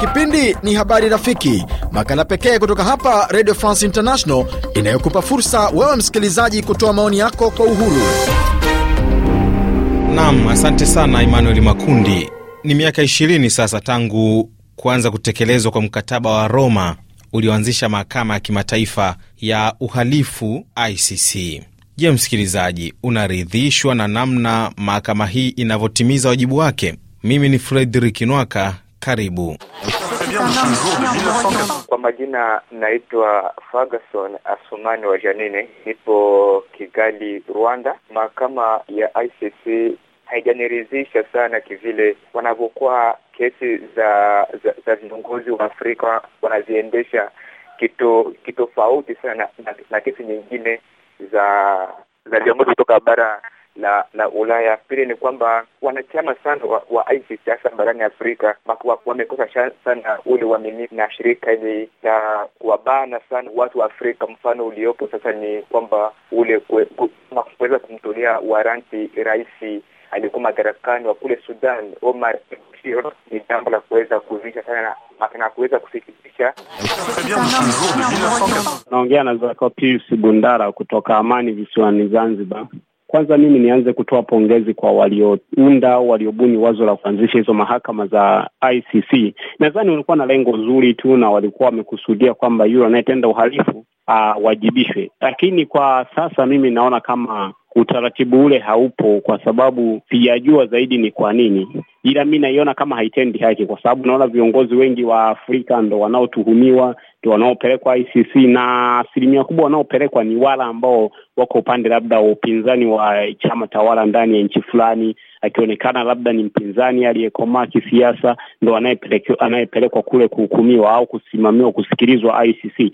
Kipindi ni Habari Rafiki, makala pekee kutoka hapa Radio France International inayokupa fursa wewe msikilizaji kutoa maoni yako kwa uhuru. nam asante sana Emmanuel Makundi. Ni miaka 20 sasa tangu kuanza kutekelezwa kwa mkataba wa Roma ulioanzisha mahakama ya kimataifa ya uhalifu ICC. Je, msikilizaji, unaridhishwa na namna mahakama hii inavyotimiza wajibu wake? Mimi ni Fredrik Nwaka, karibu. Kwa majina naitwa Ferguson Asumani wa Janine, nipo Kigali, Rwanda. Mahakama ya ICC haijaniridhisha sana kivile wanavyokuwa kesi za za, za viongozi wa Afrika wanaziendesha kitofauti kito sana na, na kesi nyingine za za viongozi kutoka bara la la Ulaya. Pili ni kwamba wanachama sana wa, wa ICC hasa barani Afrika wamekosa sana ule uaminifu na shirika hili la wabana sana watu wa Afrika. Mfano uliopo sasa ni kwamba ule kuweza kumtolea waranti rais alikuwa madarakani wa kule Sudan Omar Bashir, ni jambo la kuweza kuzisha sana na kuweza kusikitisha. Naongea na Zako Pius Bundara kutoka Amani visiwani Zanzibar. Kwanza mimi nianze kutoa pongezi kwa waliounda au waliobuni wazo la kuanzisha hizo mahakama za ICC. Nadhani walikuwa na lengo zuri tu na walikuwa wamekusudia kwamba yule anayetenda uhalifu awajibishwe, ah, lakini kwa sasa mimi naona kama utaratibu ule haupo, kwa sababu sijajua zaidi ni kwa nini, ila mi naiona kama haitendi haki, kwa sababu naona viongozi wengi wa Afrika ndo wanaotuhumiwa wanaopelekwa ICC na asilimia kubwa wanaopelekwa ni wale ambao wako upande labda wa upinzani wa chama tawala ndani ya nchi fulani, akionekana labda ni mpinzani aliyekomaa kisiasa, ndo anayepelekwa kule kuhukumiwa au kusimamiwa, kusikilizwa ICC.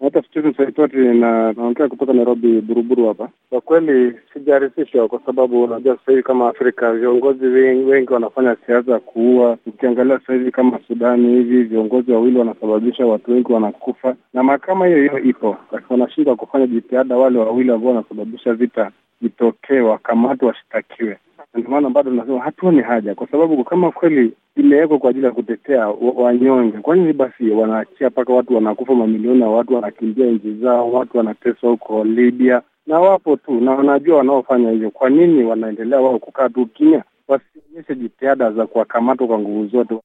Hata Ripoti na naongea kutoka Nairobi buruburu hapa. Kwa kweli sijarisishwa kwa sababu unajua sasa hivi kama Afrika viongozi wengi, wengi wanafanya siasa kuua. Ukiangalia sasa hivi kama Sudani hivi viongozi wawili wanasababisha watu wengi wanakufa, na mahakama hiyo hiyo ipo, wanashindwa kufanya jitihada, wale wawili ambao wanasababisha vita vitokee, wakamatwe, washitakiwe. Ndio maana bado nasema hatuoni haja, kwa sababu kama kweli imewekwa kwa ajili ya kutetea wanyonge, kwa nini basi wanaachia mpaka watu wanakufa, mamilioni ya watu wanakimbia nchi zao, watu wanateswa huko Libya, na wapo tu na wanajua wanaofanya hivyo. Kwa nini wanaendelea wao kukaa tu kimya? wasionyeshe jitihada za kuwakamatwa kwa nguvu zote.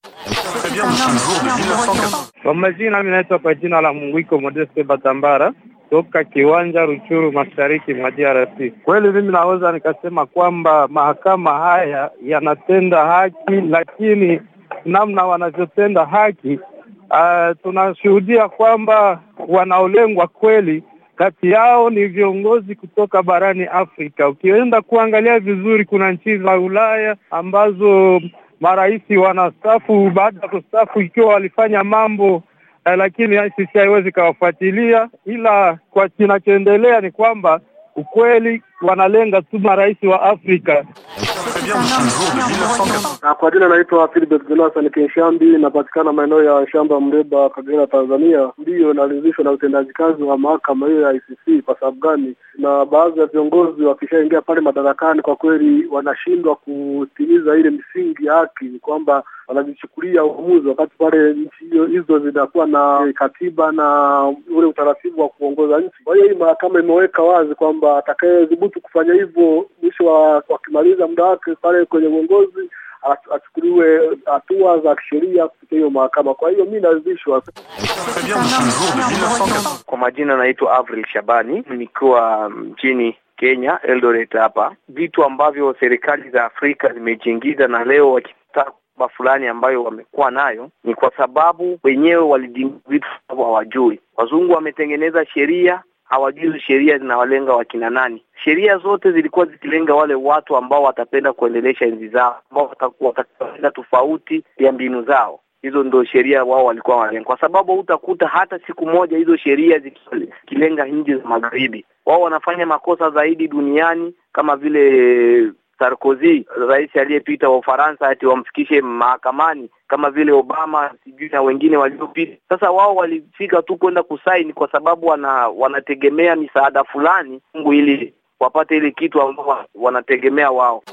Kwa majina, mi naitwa kwa jina la Munguiko Modeste Batambara toka kiwanja Ruchuru, mashariki mwa DRC. Kweli mimi naweza nikasema kwamba mahakama haya yanatenda haki, lakini namna wanavyotenda haki uh, tunashuhudia kwamba wanaolengwa kweli kati yao ni viongozi kutoka barani Afrika. Ukienda kuangalia vizuri, kuna nchi za Ulaya ambazo marais wanastafu baada ya kustafu ikiwa walifanya mambo eh, lakini ICC haiwezi kawafuatilia, ila kwa kinachoendelea ni kwamba ukweli wanalenga tu marais wa Afrika. Ah, kwa jina naitwa Philbert Jonathan Kenshambi, napatikana maeneo ya shamba Mreba, Kagera, Tanzania. Ndiyo inaridhishwa na utendaji kazi wa mahakama hiyo ya ICC. Kwa sababu gani? Na baadhi ya viongozi wakishaingia pale madarakani, kwa kweli wanashindwa kutimiza ile misingi ya haki kwamba wanajichukulia uamuzi, wakati pale nchi hiyo hizo zinakuwa na katiba na ule utaratibu wa kuongoza nchi. Kwa hiyo hii mahakama imeweka wazi kwamba atakayedhubutu kufanya hivyo, mwisho wa wakimaliza muda wake pale kwenye uongozi achukuliwe hatua za kisheria kupitia hiyo mahakama. Kwa hiyo mi naridhishwa. Kwa majina naitwa Avril Shabani nikiwa mchini Kenya, Eldoret hapa. Vitu ambavyo serikali za Afrika zimejiingiza na leo wakitaka ba fulani ambayo wamekuwa nayo ni kwa sababu wenyewe walidinga vitu hawajui. Wazungu wametengeneza sheria hawajui sheria zinawalenga wakina nani. Sheria zote zilikuwa zikilenga wale watu ambao watapenda kuendelesha enzi zao, ambao watapenda tofauti ya mbinu zao. Hizo ndo sheria wao walikuwa wanalenga, kwa sababu hutakuta hata siku moja hizo sheria zikilenga nchi za magharibi. Wao wanafanya makosa zaidi duniani kama vile Sarkozy, rais aliyepita wa Ufaransa, ati wamfikishe mahakamani kama vile Obama sijui na wengine waliopita. Sasa wao walifika tu kwenda kusaini kwa sababu wana, wanategemea misaada fulani Mungu ili wapate ile kitu ambao wanategemea wao.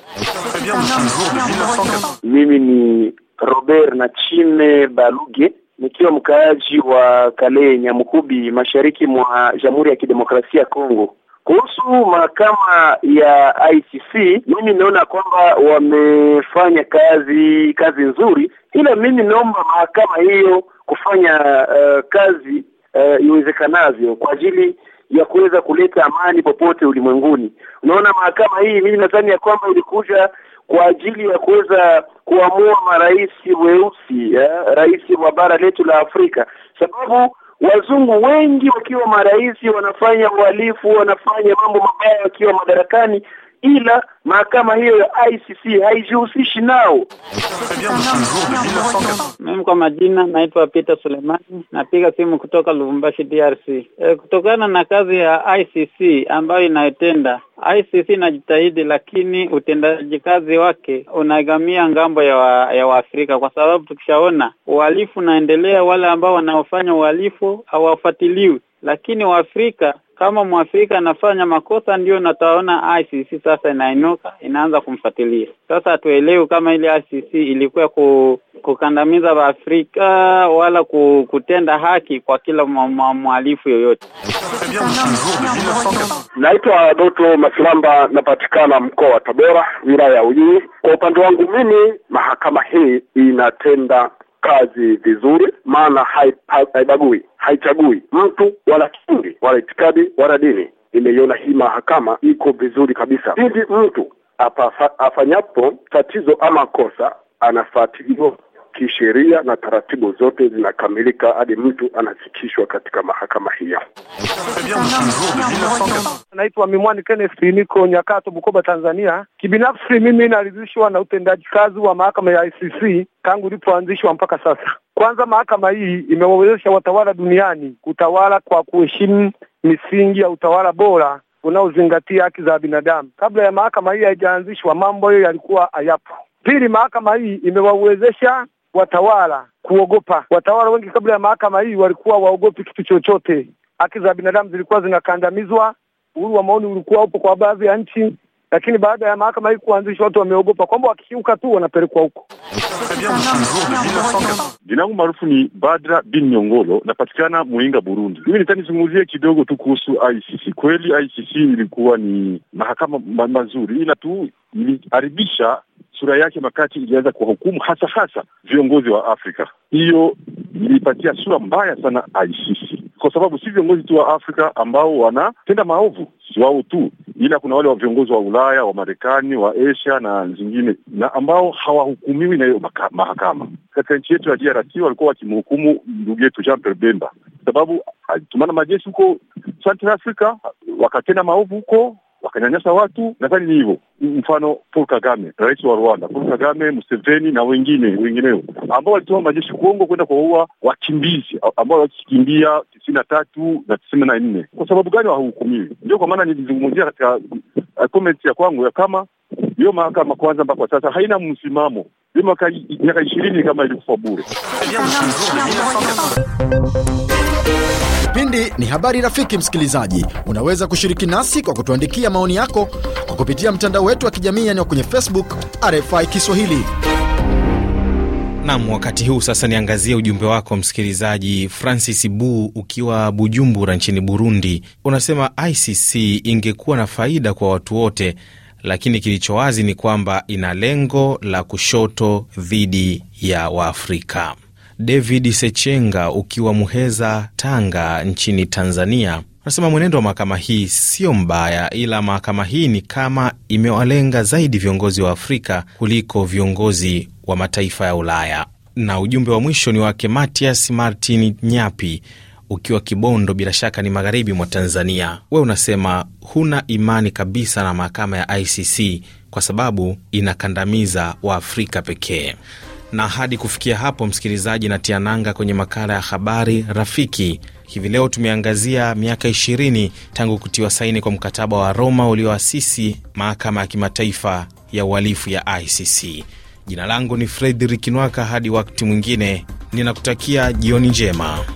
Mimi ni Robert Chime Baluge nikiwa mkaaji wa Kale Nyamukubi, mashariki mwa Jamhuri ya Kidemokrasia ya Kongo. Kuhusu mahakama ya ICC, mimi naona kwamba wamefanya kazi kazi nzuri, ila mimi naomba mahakama hiyo kufanya uh, kazi eh, iwezekanavyo uh, kwa ajili ya kuweza kuleta amani popote ulimwenguni. Unaona, mahakama hii mimi nadhani ya kwamba ilikuja kwa ajili ya kuweza kuamua marais weusi eh, rais wa bara letu la Afrika, sababu wazungu wengi wakiwa marais wanafanya uhalifu, wanafanya mambo mabaya wakiwa madarakani, ila mahakama hiyo ya ICC haijihusishi nao. Mimi kwa majina naitwa Peter Sulemani, napiga simu kutoka Lubumbashi, DRC. E, eh, kutokana na kazi ya ICC ambayo inaitenda ICC inajitahidi lakini utendaji kazi wake unagamia ngambo ya, wa, ya Waafrika kwa sababu tukishaona uhalifu unaendelea, wale ambao wanaofanya uhalifu hawafuatiliwi, lakini Waafrika kama mwafrika anafanya makosa, ndio nataona ICC sasa inainuka inaanza kumfuatilia. Sasa hatuelewi kama ile ICC ilikuwa ku, kukandamiza Waafrika wala ku, kutenda haki kwa kila mwalifu yoyote. Naitwa Doto Masilamba, napatikana mkoa wa Tabora, wilaya ya Ujiji. Kwa upande wangu mimi, mahakama hii inatenda kazi vizuri, maana haibagui, haichagui mtu wala kingi wala itikadi wala dini. Nimeiona hii mahakama iko vizuri kabisa, pindi mtu afanyapo tatizo ama kosa anafuatiliwa kisheria na taratibu zote zinakamilika hadi mtu anafikishwa katika mahakama hiyo. Naitwa Mimwani Kenneth, niko Nyakato, Bukoba, Tanzania. Kibinafsi mimi naridhishwa na utendaji kazi wa mahakama ya ICC tangu ilipoanzishwa mpaka sasa. Kwanza, mahakama hii imewawezesha watawala duniani kutawala kwa kuheshimu misingi ya utawala bora unaozingatia haki za binadamu. Kabla ya mahakama hii haijaanzishwa, mambo hayo yalikuwa hayapo. Pili, mahakama hii imewawezesha watawala kuogopa. Watawala wengi kabla ya mahakama hii walikuwa waogopi kitu chochote, haki za binadamu zilikuwa zinakandamizwa, uhuru wa maoni ulikuwa upo kwa baadhi ya nchi, lakini baada ya mahakama hii kuanzishwa, watu wameogopa kwamba wakikiuka tu wanapelekwa huko. Jina langu maarufu ni Badra bin Nyongolo, napatikana Muinga, Burundi. Mimi nitanizungumzia kidogo tu kuhusu ICC. Kweli ICC ilikuwa ni mahakama ma mazuri, ila tu iliharibisha sura yake makati ilianza kuwahukumu hasa hasa viongozi wa Afrika. Hiyo iliipatia sura mbaya sana ICC kwa sababu si viongozi tu wa Afrika ambao wanatenda maovu, si wao tu, ila kuna wale wa viongozi wa Ulaya, wa Marekani, wa Asia na zingine, na ambao hawahukumiwi na hiyo mahakama. Katika nchi yetu ya DRC walikuwa wakimhukumu ndugu yetu Jean Pierre Bemba sababu alitumana majeshi huko Central Africa, wakatenda maovu huko, wakanyanyasa watu. Nadhani ni hivyo mfano Paul Kagame, rais wa Rwanda, Paul Kagame, Museveni na wengine wengineo ambao walituma majeshi Kongo kwenda kuwaua wakimbizi ambao walikimbia tisini na tatu na tisini na nne. Kwa sababu gani hawahukumiwi? Ndio kwa maana nilizungumzia katika uh, comment ya kwangu ya kama hiyo mahakama kwanza mpaka sasa haina msimamo. Hiyo miaka ishirini kama ilikufa bure. Kipindi ni habari rafiki. Msikilizaji, unaweza kushiriki nasi kwa kutuandikia maoni yako kwa kupitia mtandao wetu wa kijamii yaani kwenye Facebook RFI Kiswahili. Nam, wakati huu sasa niangazie ujumbe wako msikilizaji Francis Bu ukiwa Bujumbura nchini Burundi. Unasema ICC ingekuwa na faida kwa watu wote, lakini kilicho wazi ni kwamba ina lengo la kushoto dhidi ya Waafrika. David Sechenga ukiwa Muheza, Tanga nchini Tanzania, anasema mwenendo wa mahakama hii sio mbaya, ila mahakama hii ni kama imewalenga zaidi viongozi wa Afrika kuliko viongozi wa mataifa ya Ulaya. Na ujumbe wa mwisho ni wake Matias Martin Nyapi ukiwa Kibondo, bila shaka ni magharibi mwa Tanzania. We unasema huna imani kabisa na mahakama ya ICC kwa sababu inakandamiza Waafrika pekee. Na hadi kufikia hapo, msikilizaji, na tiananga kwenye makala ya habari rafiki hivi leo. Tumeangazia miaka 20 tangu kutiwa saini kwa mkataba wa Roma ulioasisi mahakama ya kimataifa ya uhalifu ya ICC. Jina langu ni Fredrik Nwaka. Hadi wakti mwingine, ninakutakia jioni njema.